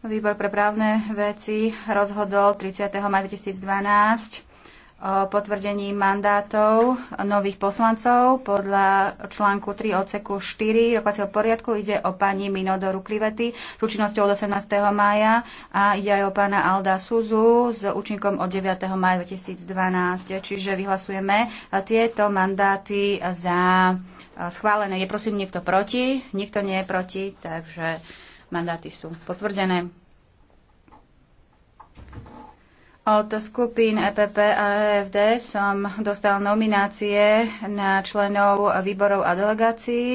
Výbor pre právne veci rozhodol 30. maja 2012 o potvrdení mandátov nových poslancov podľa článku 3 odseku 4 rokovacieho poriadku. Ide o pani Minodoru Klivety s účinnosťou od 18. mája a ide aj o pána Alda Suzu s účinkom od 9. maja 2012. Čiže vyhlasujeme tieto mandáty za schválené. Je prosím niekto proti? Nikto nie je proti, takže Mandáty sú potvrdené. Od skupín EPP a EFD som dostal nominácie na členov výborov a delegácií.